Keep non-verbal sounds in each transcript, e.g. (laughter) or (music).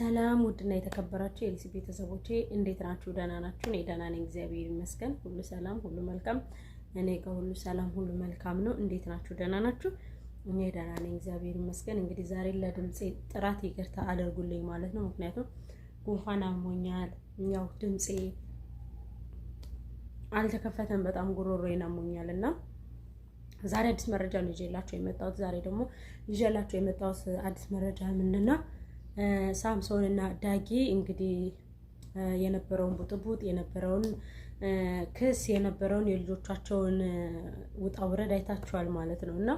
ሰላም ውድና የተከበራችሁ የኤልሲ ቤተሰቦቼ እንዴት ናችሁ? ደህና ናችሁ? እኔ ደህና ነኝ፣ እግዚአብሔር ይመስገን። ሁሉ ሰላም፣ ሁሉ መልካም። እኔ ጋር ሁሉ ሰላም፣ ሁሉ መልካም ነው። እንዴት ናችሁ? ደህና ናችሁ? እኔ ደህና ነኝ፣ እግዚአብሔር ይመስገን። እንግዲህ ዛሬ ለድምፄ ጥራት ይቅርታ አድርጉልኝ ማለት ነው። ምክንያቱም ጉንፋን አሞኛል። ያው ድምፄ አልተከፈተም፣ በጣም ጉሮሮዬን አሞኛል እና ዛሬ አዲስ መረጃ ነው ይዤላችሁ የመጣሁት። ዛሬ ደግሞ ይዤላችሁ የመጣሁት አዲስ መረጃ ምንድን ነው? ሳምሶን እና ዳጊ እንግዲህ የነበረውን ቡጥቡጥ የነበረውን ክስ የነበረውን የልጆቻቸውን ውጣ ውረድ አይታችኋል ማለት ነው። እና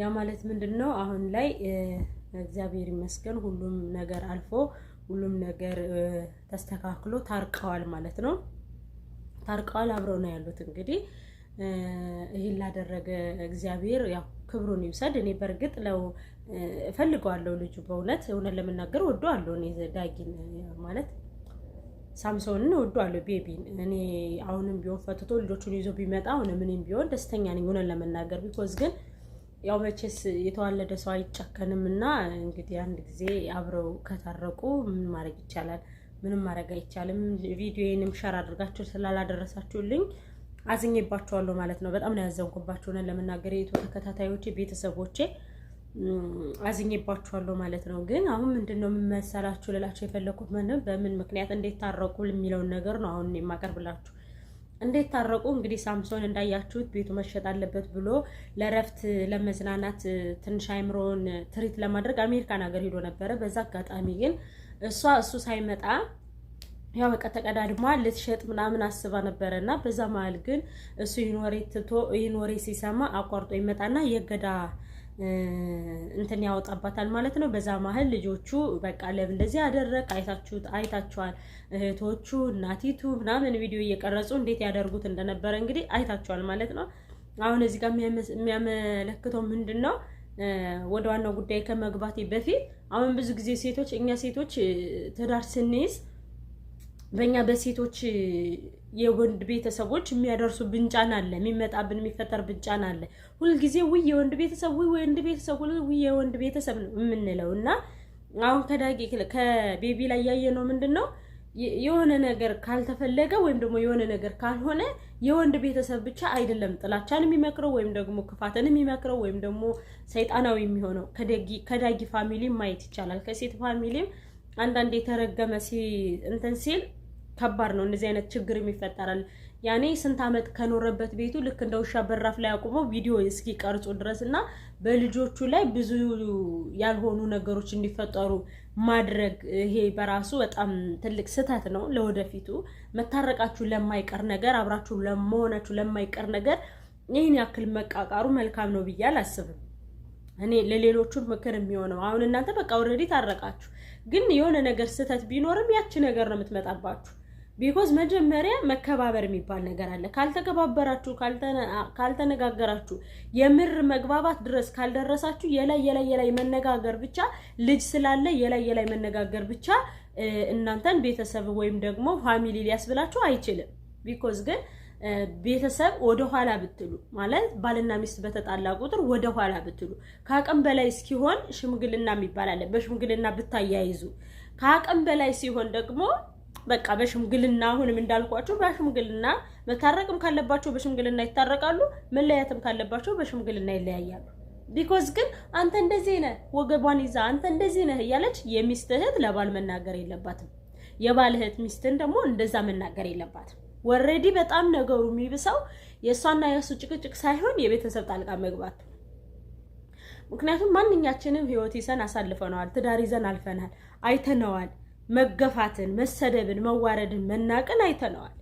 ያ ማለት ምንድን ነው? አሁን ላይ እግዚአብሔር ይመስገን ሁሉም ነገር አልፎ ሁሉም ነገር ተስተካክሎ ታርቀዋል ማለት ነው። ታርቀዋል፣ አብረው ነው ያሉት። እንግዲህ ይህን ላደረገ እግዚአብሔር ያው ክብሩን ይውሰድ። እኔ በእርግጥ ለው እፈልገዋለሁ። ልጁ በእውነት እውነት ለመናገር ወደዋለሁ። እኔ ዳጊን ማለት ሳምሶንን ወደዋለሁ፣ ቤቢን እኔ አሁንም ቢሆን ፈትቶ ልጆቹን ይዞ ቢመጣ ሆነ ምንም ቢሆን ደስተኛ ነኝ፣ እውነት ለመናገር ቢኮዝ ግን ያው መቼስ የተዋለደ ሰው አይጨከንም እና እንግዲህ አንድ ጊዜ አብረው ከታረቁ ምን ማድረግ ይቻላል? ምንም ማድረግ አይቻልም። ቪዲዮዬንም ሸር አድርጋችሁ ስላላደረሳችሁልኝ አዝኜባችኋለሁ ማለት ነው። በጣም ነው ያዘንኩባችሁ። እውነት ለመናገር የኢትዮ ተከታታዮቼ ቤተሰቦቼ አዝኜባችኋለሁ ማለት ነው። ግን አሁን ምንድን ነው የምመሰላችሁ ልላችሁ የፈለኩት ምንም በምን ምክንያት እንዴት ታረቁ የሚለውን ነገር ነው አሁን የማቀርብላችሁ። እንዴት ታረቁ እንግዲህ ሳምሶን እንዳያችሁት ቤቱ መሸጥ አለበት ብሎ ለእረፍት ለመዝናናት ትንሽ አይምሮን ትሪት ለማድረግ አሜሪካን ሀገር ሄዶ ነበረ። በዛ አጋጣሚ ግን እሷ እሱ ሳይመጣ ያው በቃ ተቀዳድማ ልትሸጥ ምናምን አስባ ነበረ እና በዛ መሀል ግን እሱ ይህን ወሬ ትቶ ይህን ወሬ ሲሰማ አቋርጦ ይመጣና የገዳ እንትን ያወጣባታል ማለት ነው። በዛ መሀል ልጆቹ በቃ ለብ እንደዚህ ያደረግ አይታችሁት አይታችኋል። እህቶቹ እናቲቱ ምናምን ቪዲዮ እየቀረጹ እንዴት ያደርጉት እንደነበረ እንግዲህ አይታችኋል ማለት ነው። አሁን እዚህ ጋር የሚያመለክተው ምንድን ነው? ወደ ዋናው ጉዳይ ከመግባቴ በፊት አሁን ብዙ ጊዜ ሴቶች እኛ ሴቶች ትዳር ስንይዝ በእኛ በሴቶች የወንድ ቤተሰቦች የሚያደርሱ ብንጫን አለ፣ የሚመጣብን የሚፈጠር ብንጫን አለ። ሁልጊዜ ውይ የወንድ ቤተሰብ ውይ ወንድ ቤተሰብ ውይ የወንድ ቤተሰብ ነው የምንለው እና አሁን ከዳጊ ከቤቢ ላይ ነው ምንድን ነው? የሆነ ነገር ካልተፈለገ ወይም ደግሞ የሆነ ነገር ካልሆነ የወንድ ቤተሰብ ብቻ አይደለም ጥላቻን የሚመክረው ወይም ደግሞ ክፋትን የሚመክረው ወይም ደግሞ ሰይጣናዊ የሚሆነው ከዳጊ ፋሚሊ ማየት ይቻላል። ከሴት ፋሚሊም አንዳንድ የተረገመ እንትን ሲል ከባድ ነው። እንደዚህ አይነት ችግርም ይፈጠራል። ያኔ ስንት ዓመት ከኖረበት ቤቱ ልክ እንደ ውሻ በራፍ ላይ አቁሞ ቪዲዮ እስኪ ቀርጾ ድረስ እና በልጆቹ ላይ ብዙ ያልሆኑ ነገሮች እንዲፈጠሩ ማድረግ ይሄ በራሱ በጣም ትልቅ ስህተት ነው። ለወደፊቱ መታረቃችሁ ለማይቀር ነገር፣ አብራችሁ ለመሆናችሁ ለማይቀር ነገር ይህን ያክል መቃቃሩ መልካም ነው ብዬ አላስብም። እኔ ለሌሎቹ ምክር የሚሆነው አሁን እናንተ በቃ ኦልሬዲ ታረቃችሁ፣ ግን የሆነ ነገር ስህተት ቢኖርም ያቺ ነገር ነው የምትመጣባችሁ ቢኮዝ መጀመሪያ መከባበር የሚባል ነገር አለ። ካልተከባበራችሁ፣ ካልተነጋገራችሁ፣ የምር መግባባት ድረስ ካልደረሳችሁ የላይ የላይ የላይ መነጋገር ብቻ ልጅ ስላለ የላይ የላይ መነጋገር ብቻ እናንተን ቤተሰብ ወይም ደግሞ ፋሚሊ ሊያስብላችሁ አይችልም። ቢኮዝ ግን ቤተሰብ ወደኋላ ብትሉ ማለት ባልና ሚስት በተጣላ ቁጥር ወደኋላ ብትሉ ከአቅም በላይ እስኪሆን ሽምግልና የሚባል አለ። በሽምግልና ብታያይዙ ከአቅም በላይ ሲሆን ደግሞ በቃ በሽምግልና አሁንም እንዳልኳቸው በሽምግልና መታረቅም ካለባቸው በሽምግልና ይታረቃሉ፣ መለያየትም ካለባቸው በሽምግልና ይለያያሉ። ቢኮዝ ግን አንተ እንደዚህ ነህ ወገቧን ይዛ አንተ እንደዚህ ነህ እያለች የሚስት እህት ለባል መናገር የለባትም። የባል እህት ሚስትን ደግሞ እንደዛ መናገር የለባትም። ወሬዲ በጣም ነገሩ የሚብሰው የእሷና የእሱ ጭቅጭቅ ሳይሆን የቤተሰብ ጣልቃ መግባት ምክንያቱም ማንኛችንም ህይወት ይዘን አሳልፈነዋል። ትዳር ይዘን አልፈናል፣ አይተነዋል። መገፋትን፣ መሰደብን፣ መዋረድን፣ መናቅን አይተነዋል።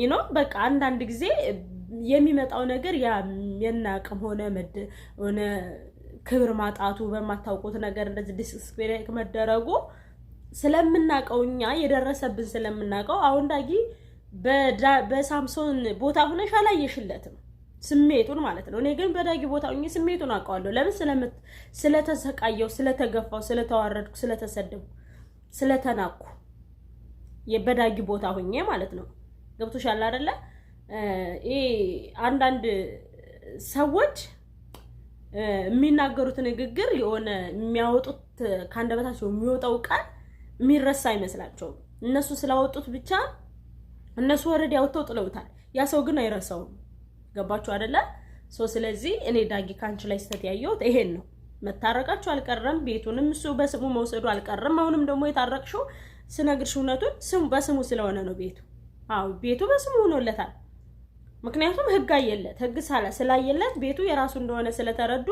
ይኖ በቃ አንዳንድ ጊዜ የሚመጣው ነገር ያ የናቅም ሆነ ሆነ ክብር ማጣቱ በማታውቁት ነገር እንደዚህ ዲስስፔክ መደረጉ ስለምናቀው እኛ የደረሰብን ስለምናቀው አሁን ዳጊ በሳምሶን ቦታ ሁነሽ አላየሽለትም ስሜቱን ማለት ነው። እኔ ግን በዳጊ ቦታ ሁኜ ስሜቱን አውቀዋለሁ። ለምን ስለተሰቃየው፣ ስለተገፋው፣ ስለተዋረድኩ፣ ስለተሰደብኩ ስለተናኩ የበዳጊ ቦታ ሁኜ ማለት ነው። ገብቶሻል አይደለ? ይሄ አንዳንድ ሰዎች የሚናገሩት ንግግር የሆነ የሚያወጡት ከአንደበታቸው የሚወጣው ቃል የሚረሳ አይመስላቸውም። እነሱ ስላወጡት ብቻ እነሱ ወረድ ያወጥተው ጥለውታል። ያ ሰው ግን አይረሳውም። ገባችሁ አይደለ? ሶ ስለዚህ እኔ ዳጊ ካንች ላይ ስተት ያየሁት ይሄን ነው። መታረቃችሁ አልቀረም። ቤቱንም እሱ በስሙ መውሰዱ አልቀረም። አሁንም ደግሞ የታረቅሽው ስነግርሽ እውነቱን ስሙ በስሙ ስለሆነ ነው ቤቱ። አዎ ቤቱ በስሙ ሆኖለታል። ምክንያቱም ህግ አየለት፣ ህግ ሳላ ስላየለት ቤቱ የራሱ እንደሆነ ስለተረዱ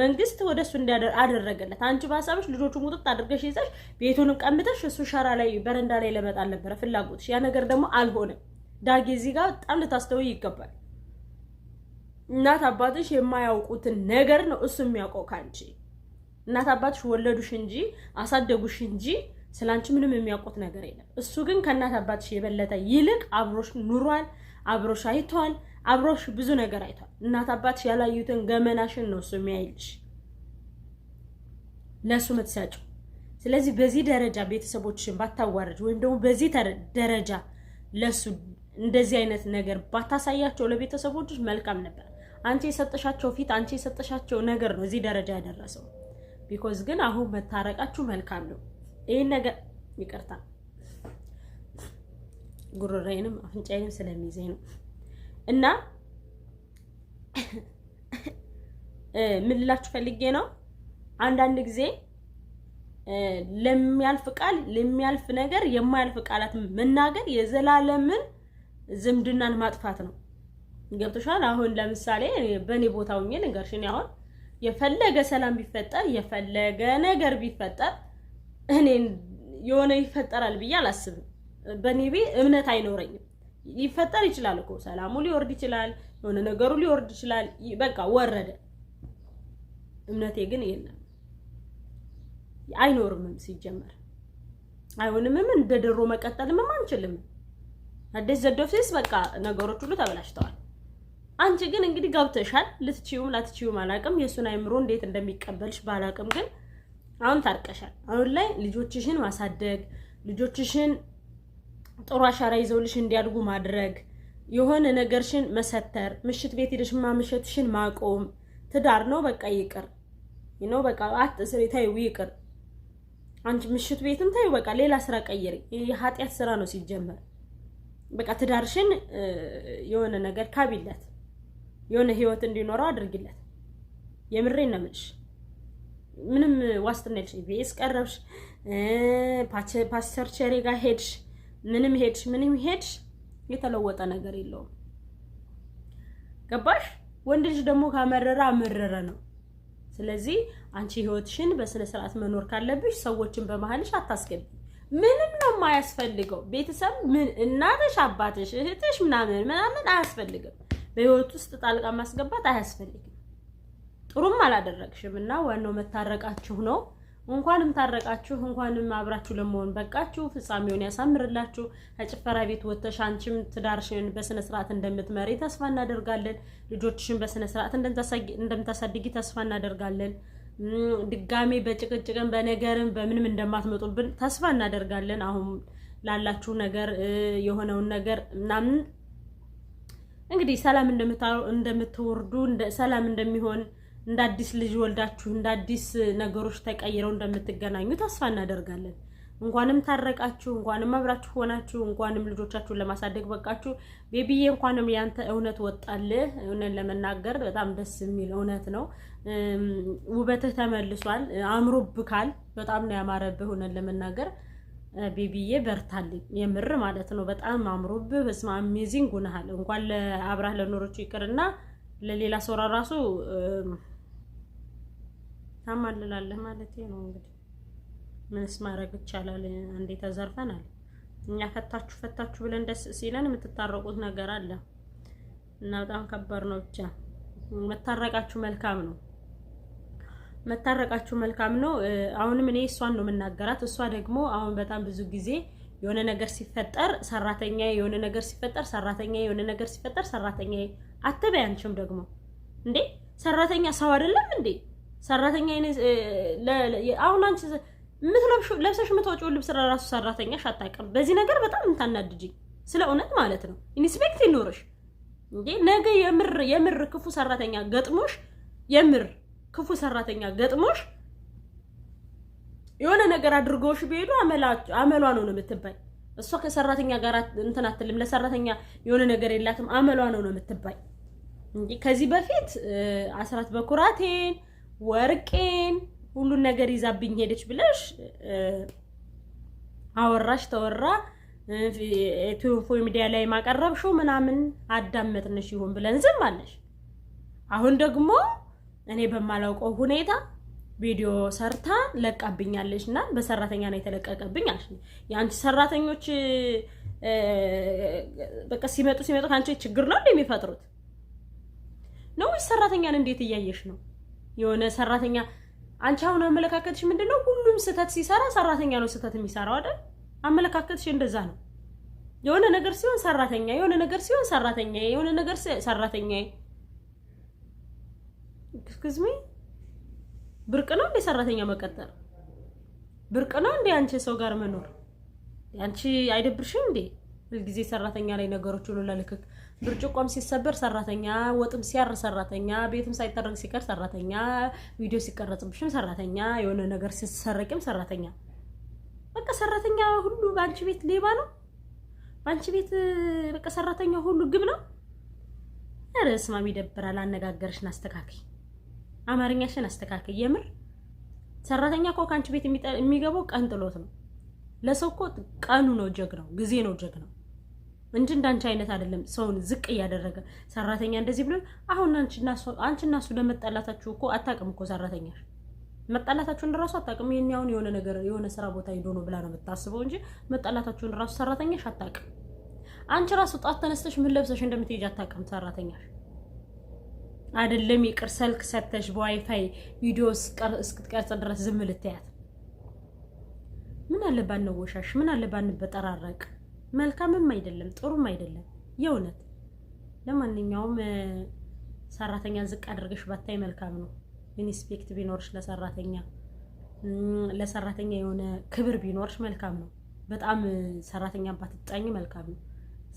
መንግስት ወደ እሱ አደረገለት። አንቺ በሀሳብሽ ልጆቹ ሙጥጥ አድርገሽ ይዘሽ ቤቱንም ቀምተሽ እሱ ሸራ ላይ በረንዳ ላይ ለመጣል ነበረ ፍላጎትሽ። ያ ነገር ደግሞ አልሆነም። ዳጌ እዚህ ጋር በጣም ልታስተውይ ይገባል። እናት አባትሽ የማያውቁትን ነገር ነው እሱ የሚያውቀው ከአንቺ። እናት አባትሽ ወለዱሽ እንጂ አሳደጉሽ እንጂ ስላንቺ ምንም የሚያውቁት ነገር የለም። እሱ ግን ከእናት አባትሽ የበለጠ ይልቅ አብሮሽ ኑሯል፣ አብሮሽ አይቷል፣ አብሮሽ ብዙ ነገር አይቷል። እናት አባትሽ ያላዩትን ገመናሽን ነው እሱ የሚያይልሽ ለእሱ ምትሰጪው። ስለዚህ በዚህ ደረጃ ቤተሰቦችሽን ባታዋርጅ ወይም ደግሞ በዚህ ደረጃ ለእሱ እንደዚህ አይነት ነገር ባታሳያቸው ለቤተሰቦችሽ መልካም ነበር። አንቺ የሰጠሻቸው ፊት፣ አንቺ የሰጠሻቸው ነገር ነው እዚህ ደረጃ ያደረሰው። ቢኮዝ ግን አሁን መታረቃችሁ መልካም ነው። ይህን ነገር ይቅርታ ጉሮሬንም አፍንጫዬንም ስለሚዜ ነው እና (coughs) ምን ፈልጌ ነው፣ አንዳንድ ጊዜ ለሚያልፍ ቃል ለሚያልፍ ነገር የማያልፍ ቃላት መናገር የዘላለምን ዝምድናን ማጥፋት ነው። ገብቶሻል። አሁን ለምሳሌ በእኔ ቦታ ሁኜ ልንገርሽ፣ እኔ አሁን የፈለገ ሰላም ቢፈጠር የፈለገ ነገር ቢፈጠር እኔ የሆነ ይፈጠራል ብዬ አላስብም። በእኔ ቤ እምነት አይኖረኝም። ሊፈጠር ይችላል እኮ ሰላሙ ሊወርድ ይችላል፣ የሆነ ነገሩ ሊወርድ ይችላል። በቃ ወረደ። እምነቴ ግን የለም አይኖርምም። ሲጀመር አይሆንምም። እንደ ድሮ መቀጠልምም አንችልም። አዲስ ዘዶፍሴስ በቃ ነገሮች ሁሉ ተበላሽተዋል። አንቺ ግን እንግዲህ ገብተሻል። ልትችዩም ላትችዩም አላቅም፣ የእሱን አይምሮ እንዴት እንደሚቀበልሽ ባላቅም፣ ግን አሁን ታርቀሻል። አሁን ላይ ልጆችሽን ማሳደግ፣ ልጆችሽን ጥሩ አሻራ ይዘውልሽ እንዲያድጉ ማድረግ፣ የሆነ ነገርሽን መሰተር፣ ምሽት ቤት ሄደሽ ማምሸትሽን ማቆም። ትዳር ነው በቃ ይቅር ነው በቃ አትስሪ፣ ተይው ይቅር። አንቺ ምሽት ቤትም ተይው በቃ ሌላ ስራ ቀይሪ። የኃጢአት ስራ ነው ሲጀመር። በቃ ትዳርሽን የሆነ ነገር ካቢለት የሆነ ህይወት እንዲኖረው አድርግለት። የምሬን ነው የምልሽ። ምንም ዋስትና የለሽ። ቤስ ቀረብሽ፣ ፓስተር ቸሬ ጋር ሄድሽ፣ ምንም ሄድሽ፣ ምንም ሄድሽ፣ የተለወጠ ነገር የለውም። ገባሽ? ወንድ ልጅ ደግሞ ካመረረ አመረረ ነው። ስለዚህ አንቺ ህይወትሽን በስነ ስርዓት መኖር ካለብሽ ሰዎችን በመሀልሽ አታስገቢ። ምንም ነው የማያስፈልገው። ቤተሰብ ምን እናትሽ፣ አባትሽ፣ እህትሽ ምናምን ምናምን አያስፈልግም። በህይወት ውስጥ ጣልቃ ማስገባት አያስፈልግም። ጥሩም አላደረግሽም እና ዋናው መታረቃችሁ ነው። እንኳንም ታረቃችሁ፣ እንኳንም አብራችሁ ለመሆን በቃችሁ። ፍጻሜውን ያሳምርላችሁ። ከጭፈራ ቤት ወተሽ አንቺም ትዳርሽን በስነ ስርዓት እንደምትመሪ ተስፋ እናደርጋለን። ልጆችሽን በስነ ስርዓት እንደምታሳድጊ ተስፋ እናደርጋለን። ድጋሜ በጭቅጭቅን በነገርም በምንም እንደማትመጡብን ተስፋ እናደርጋለን። አሁን ላላችሁ ነገር የሆነውን ነገር ምናምን እንግዲህ ሰላም እንደምትወርዱ ሰላም እንደሚሆን እንደ አዲስ ልጅ ወልዳችሁ እንደ አዲስ ነገሮች ተቀይረው እንደምትገናኙ ተስፋ እናደርጋለን። እንኳንም ታረቃችሁ፣ እንኳንም አብራችሁ ሆናችሁ፣ እንኳንም ልጆቻችሁን ለማሳደግ በቃችሁ። ቤቢዬ እንኳንም ያንተ እውነት ወጣልህ። እውነት ለመናገር በጣም ደስ የሚል እውነት ነው። ውበትህ ተመልሷል፣ አምሮብካል። በጣም ነው ያማረብህ እውነት ለመናገር ቤቢዬ በርታልኝ፣ የምር ማለት ነው። በጣም አምሮብህ በስማ አሜዚንግ ሆነሃል። እንኳን ለአብራህ ለኖሮቹ ይቅርና ለሌላ ሰው ራሱ ታማልላለህ ማለት ነው። እንግዲህ ምንስ ማድረግ ይቻላል? እንዴ ተዘርፈናል እኛ። ፈታችሁ ፈታችሁ ብለን ደስ ሲለን የምትታረቁት ነገር አለ እና በጣም ከባድ ነው። ብቻ መታረቃችሁ መልካም ነው። መታረቃችሁ መልካም ነው። አሁንም እኔ እሷን ነው የምናገራት። እሷ ደግሞ አሁን በጣም ብዙ ጊዜ የሆነ ነገር ሲፈጠር ሰራተኛ የሆነ ነገር ሲፈጠር ሰራተኛ የሆነ ነገር ሲፈጠር ሰራተኛ አትበይ። አንቺም ደግሞ እንዴ ሰራተኛ ሰው አይደለም እንዴ ሰራተኛ አሁን አንቺ የምትለብሺው ለብሰሽ የምትወጪው ልብስ ራሱ ሰራተኛሽ አታውቅም። በዚህ ነገር በጣም እንታናድጅኝ ስለ እውነት ማለት ነው። ኢንስፔክት ይኖርሽ እንዴ ነገ የምር የምር ክፉ ሰራተኛ ገጥሞሽ የምር ክፉ ሰራተኛ ገጥሞሽ የሆነ ነገር አድርጎሽ ቢሄዱ አመሏ ነው ነው የምትባይ። እሷ ከሰራተኛ ጋር እንትን አትልም። ለሰራተኛ የሆነ ነገር የላትም። አመሏ ነው ነው የምትባይ እንጂ ከዚህ በፊት አስራት በኩራቴን ወርቄን ሁሉን ነገር ይዛብኝ ሄደች ብለሽ አወራሽ፣ ተወራ ኢትዮፎ ሚዲያ ላይ ማቀረብሽው ምናምን አዳመጥንሽ ይሆን ብለን ዝም አለሽ። አሁን ደግሞ እኔ በማላውቀው ሁኔታ ቪዲዮ ሰርታ ለቃብኛለች እና በሰራተኛ ነው የተለቀቀብኝ አለች። የአንቺ ሰራተኞች በቃ ሲመጡ ሲመጡ ከአንቺ ችግር ነው የሚፈጥሩት ነው ወይስ ሰራተኛን እንዴት እያየሽ ነው? የሆነ ሰራተኛ አንቺ አሁን አመለካከትሽ ምንድን ነው? ሁሉም ስህተት ሲሰራ ሰራተኛ ነው ስህተት የሚሰራው አይደል? አመለካከትሽ እንደዛ ነው። የሆነ ነገር ሲሆን ሰራተኛ፣ የሆነ ነገር ሲሆን ሰራተኛ፣ የሆነ ነገር ሰራተኛ ሚ ብርቅ ነው እንደ ሰራተኛ መቀጠር ብርቅ ነው እንዴ አንቺ ሰው ጋር መኖር አንቺ አይደብርሽም እንዴ? ሁልጊዜ ሰራተኛ ላይ ነገሮች ሁሉ ለልክክ ብርጭቆም ሲሰበር ሰራተኛ፣ ወጥም ሲያር ሰራተኛ፣ ቤትም ሳይጠረግ ሲቀር ሰራተኛ፣ ቪዲዮ ሲቀረጽብሽም ሰራተኛ፣ የሆነ ነገር ሲሰረቅም ሰራተኛ። በቃ ሰራተኛ ሁሉ በአንቺ ቤት ሌባ ነው። በአንቺ ቤት በቃ ሰራተኛ ሁሉ ግብ ነው። ኧረ ስማም ይደብራል። አነጋገርሽን አስተካክይ። አማርኛሽን አስተካክል። የምር ሰራተኛ እኮ ከአንቺ ቤት የሚገባው ቀን ጥሎት ነው። ለሰው እኮ ቀኑ ነው ጀግናው፣ ጊዜ ነው ጀግናው እንጂ እንዳንቺ አይነት አይደለም። ሰውን ዝቅ እያደረገ ሰራተኛ እንደዚህ ብሎ አሁን አንቺና እሱ ለመጣላታችሁ እኮ አታውቅም እኮ ሰራተኛ መጣላታችሁን ራሱ አታውቅም። ይሄን የሆነ ነገር የሆነ ስራ ቦታ ሄዶ ነው ብላ ነው የምታስበው እንጂ መጣላታችሁን እራሱ ሰራተኛሽ አታውቅም። አንቺ ራሱ ጧት ተነስተሽ ምን ለብሰሽ እንደምትሄጂ አታውቅም ሰራተኛሽ አይደለም ይቅር ሰልክ ሰተሽ በዋይፋይ ቪዲዮ እስክትቀርጽ ድረስ ዝም ልትያት። ምን አለ ባንወሻሽ፣ ምን አለ ባንበጠራረቅ። መልካምም አይደለም ጥሩም አይደለም የእውነት። ለማንኛውም ሰራተኛ ዝቅ አድርገሽ ባታይ መልካም ነው። ኢንስፔክት ቢኖርሽ ለሰራተኛ ለሰራተኛ የሆነ ክብር ቢኖርሽ መልካም ነው። በጣም ሰራተኛ ባትጣኝ መልካም ነው።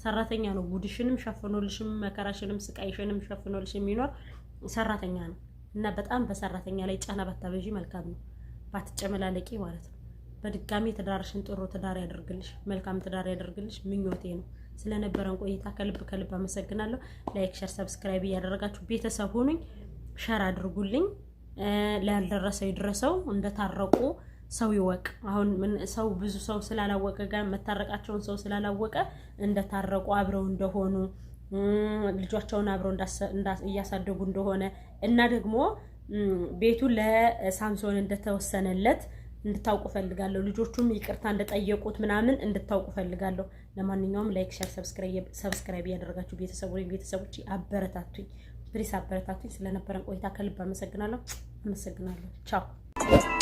ሰራተኛ ነው። ጉድሽንም ሸፍኖልሽም መከራሽንም ስቃይሽንም ሸፍኖልሽ የሚኖር ሰራተኛ ነው እና በጣም በሰራተኛ ላይ ጫና ባታበዢ መልካም ነው። ባትጨመላለቂ ማለት ነው። በድጋሚ ትዳርሽን ጥሩ ትዳር ያደርግልሽ፣ መልካም ትዳር ያደርግልሽ ምኞቴ ነው። ስለነበረን ቆይታ ከልብ ከልብ አመሰግናለሁ። ላይክ፣ ሸር፣ ሰብስክራይብ እያደረጋችሁ ቤተሰብ ሁኑኝ። ሸር አድርጉልኝ። ላልደረሰው ይድረሰው እንደታረቁ ሰው ይወቅ። አሁን ምን ሰው ብዙ ሰው ስላላወቀ ጋር መታረቃቸውን ሰው ስላላወቀ እንደታረቁ አብረው እንደሆኑ ልጆቻቸውን አብረው እያሳደጉ እንደሆነ እና ደግሞ ቤቱ ለሳምሶን እንደተወሰነለት እንድታውቁ ፈልጋለሁ። ልጆቹም ይቅርታ እንደጠየቁት ምናምን እንድታውቁ ፈልጋለሁ። ለማንኛውም ላይክ፣ ሸር፣ ሰብስክራይብ እያደረጋችሁ ቤተሰቡ ቤተሰቦች አበረታቱኝ፣ ፕሊስ አበረታቱኝ። ስለነበረን ቆይታ ከልብ አመሰግናለሁ። አመሰግናለሁ። ቻው